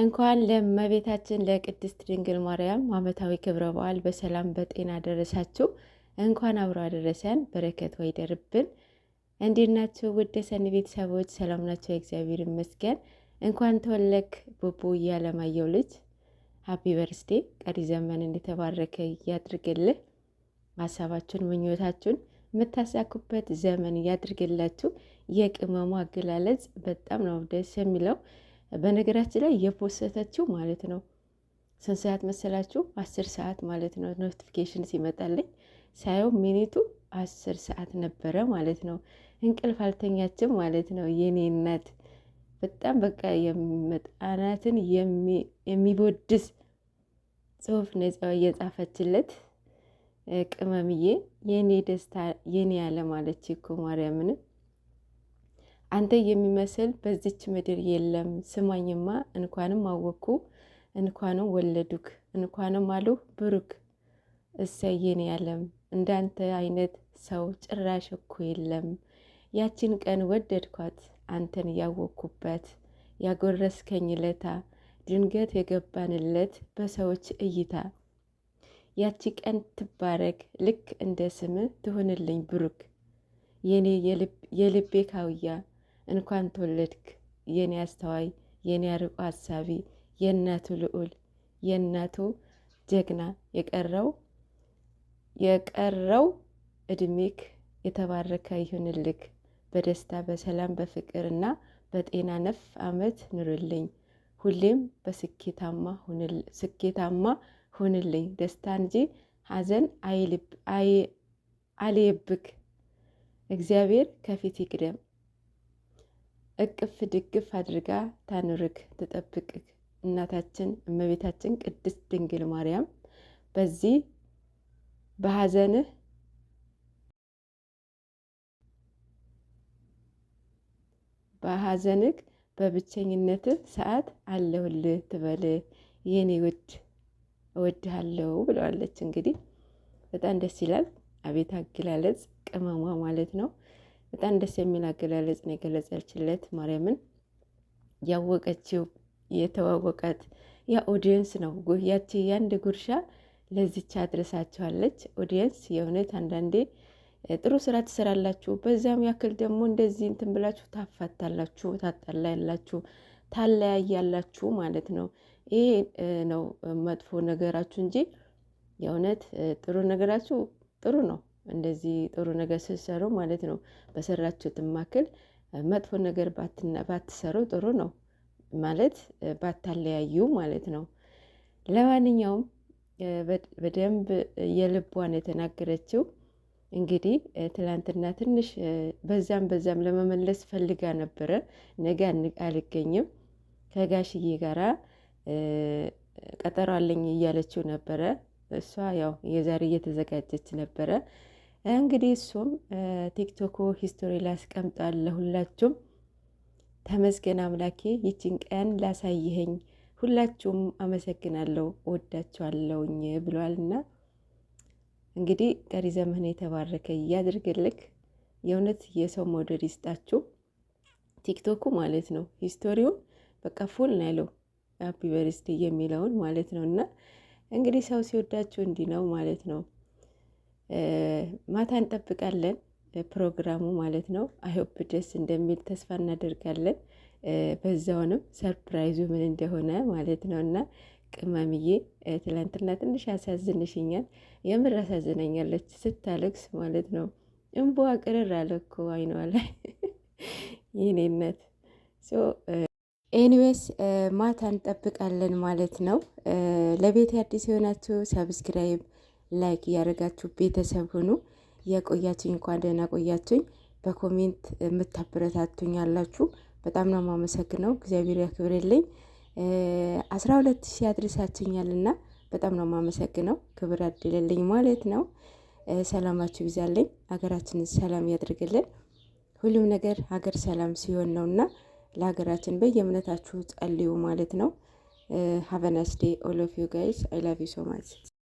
እንኳን ለመቤታችን ለቅድስት ድንግል ማርያም ዓመታዊ ክብረ በዓል በሰላም በጤና ደረሳችሁ። እንኳን አብሮ አደረሰን። በረከት ወይ ደርብን። እንዴት ናችሁ ውድ የሰኒ ቤተሰቦች? ሰላም ናቸው። እግዚአብሔር ይመስገን። እንኳን ተወለክ ቡቡ እያለማየው ልጅ ሀፒ በርስዴ። ቀሪ ዘመን እንደተባረከ እያድርግልህ። ሀሳባችሁን ምኞታችሁን የምታሳኩበት ዘመን እያድርግላችሁ። የቅመሙ አገላለጽ በጣም ነው ደስ የሚለው በነገራችን ላይ የፖሰተችው ማለት ነው ስንት ሰዓት መሰላችሁ? አስር ሰዓት ማለት ነው። ኖቲፊኬሽን ሲመጣልኝ ሳየው ሚኒቱ አስር ሰዓት ነበረ ማለት ነው። እንቅልፍ አልተኛችም ማለት ነው። የኔ እናት በጣም በቃ የመጣናትን የሚቦድስ ጽሁፍ ነጻ እየጻፈችለት ቅመምዬ፣ የኔ ደስታ የኔ ያለ ማለች እኮ ማርያምንም አንተ የሚመስል በዚች ምድር የለም። ስማኝማ፣ እንኳንም አወቅኩ፣ እንኳንም ወለዱክ፣ እንኳንም አሉ ብሩክ። እሰየን ያለም እንዳንተ አይነት ሰው ጭራሽ እኮ የለም። ያችን ቀን ወደድኳት፣ አንተን ያወቅኩበት ያጎረስከኝ ለታ ድንገት የገባንለት በሰዎች እይታ ያቺ ቀን ትባረክ፣ ልክ እንደ ስምህ ትሆንልኝ ብሩክ የኔ የልቤ ካውያ እንኳን ተወለድክ የኔ አስተዋይ፣ የኔ አርቆ ሀሳቢ፣ የእናቱ ልዑል፣ የእናቱ ጀግና የቀረው የቀረው እድሜክ የተባረከ ይሁንልክ። በደስታ በሰላም በፍቅር እና በጤና ነፍ አመት ኑርልኝ። ሁሌም በስኬታማ ሁንልኝ። ደስታ እንጂ ሀዘን አልየብክ። እግዚአብሔር ከፊት ይቅደም። እቅፍ ድግፍ አድርጋ ታኑርክ ትጠብቅ እናታችን እመቤታችን ቅድስት ድንግል ማርያም በዚህ በሐዘንህ በሐዘንክ በብቸኝነትህ ሰዓት አለሁልህ ትበል የኔ ውድ እወድሃለሁ ብለዋለች። እንግዲህ በጣም ደስ ይላል። አቤት አገላለጽ ቅመሟ ማለት ነው። በጣም ደስ የሚል አገላለጽ ነው የገለጸችለት። ማርያምን ያወቀችው የተዋወቃት ያ ኦዲየንስ ነው። ያቺ የአንድ ጉርሻ ለዚች አድረሳቸዋለች። ኦዲየንስ የእውነት አንዳንዴ ጥሩ ስራ ትሰራላችሁ፣ በዛም ያክል ደግሞ እንደዚህ እንትን ብላችሁ ታፋታላችሁ፣ ታጣላ ያላችሁ ታለያያላችሁ ማለት ነው። ይሄ ነው መጥፎ ነገራችሁ እንጂ የእውነት ጥሩ ነገራችሁ ጥሩ ነው። እንደዚህ ጥሩ ነገር ስትሰሩ ማለት ነው። በሰራችሁ ማክል መጥፎ ነገር ባትሰሩ ጥሩ ነው ማለት ባታለያዩ ማለት ነው። ለማንኛውም በደንብ የልቧን የተናገረችው እንግዲህ ትላንትና ትንሽ በዛም በዛም ለመመለስ ፈልጋ ነበረ። ነገ አልገኝም ከጋሽዬ ጋራ ቀጠሮ አለኝ እያለችው ነበረ። እሷ ያው የዛሬ እየተዘጋጀች ነበረ። እንግዲህ እሱም ቲክቶኮ ሂስቶሪ ላይ አስቀምጧል። ሁላችሁም ተመስገን አምላኬ ይችን ቀን ላሳይኸኝ፣ ሁላችሁም አመሰግናለሁ፣ ወዳችኋለሁኝ ብሏልና እንግዲህ ቀሪ ዘመን የተባረከ እያድርግልክ። የእውነት የሰው መውደድ ይስጣችሁ። ቲክቶኩ ማለት ነው ሂስቶሪውን በቃ ፉል ነው ያለው ሃፒ በርስቲ የሚለውን ማለት ነው። እና እንግዲህ ሰው ሲወዳችሁ እንዲህ ነው ማለት ነው። ማታ እንጠብቃለን ፕሮግራሙ ማለት ነው። አይሆፕ ደስ እንደሚል ተስፋ እናደርጋለን። በዛውንም ሰርፕራይዙ ምን እንደሆነ ማለት ነው እና ቅመምዬ ትላንትና ትንሽ አሳዝንሽኛል። የምር አሳዝነኛለች ስታለቅስ ማለት ነው። እንቦ ቅርር አለ እኮ አይኗ ላይ ይህኔነት ኤኒዌስ ማታ እንጠብቃለን ማለት ነው። ለቤት አዲስ የሆናችሁ ሰብስክራይብ ላይክ እያደረጋችሁ ቤተሰብ ሁኑ። የቆያችኝ እንኳን ደህና ቆያችኝ። በኮሜንት የምታበረታቱኝ አላችሁ፣ በጣም ነው የማመሰግነው። እግዚአብሔር ያክብርልኝ። አስራ ሁለት ሺህ አድርሳችኛልና በጣም ነው የማመሰግነው። ክብር አድልልኝ ማለት ነው። ሰላማችሁ ይብዛልኝ። ሀገራችንን ሰላም ያድርግልን። ሁሉም ነገር ሀገር ሰላም ሲሆን ነው እና ለሀገራችን በየእምነታችሁ ጸልዩ ማለት ነው። ሀቨናስዴ ኦሎፊዩ ጋይስ አይላቪ ሶማች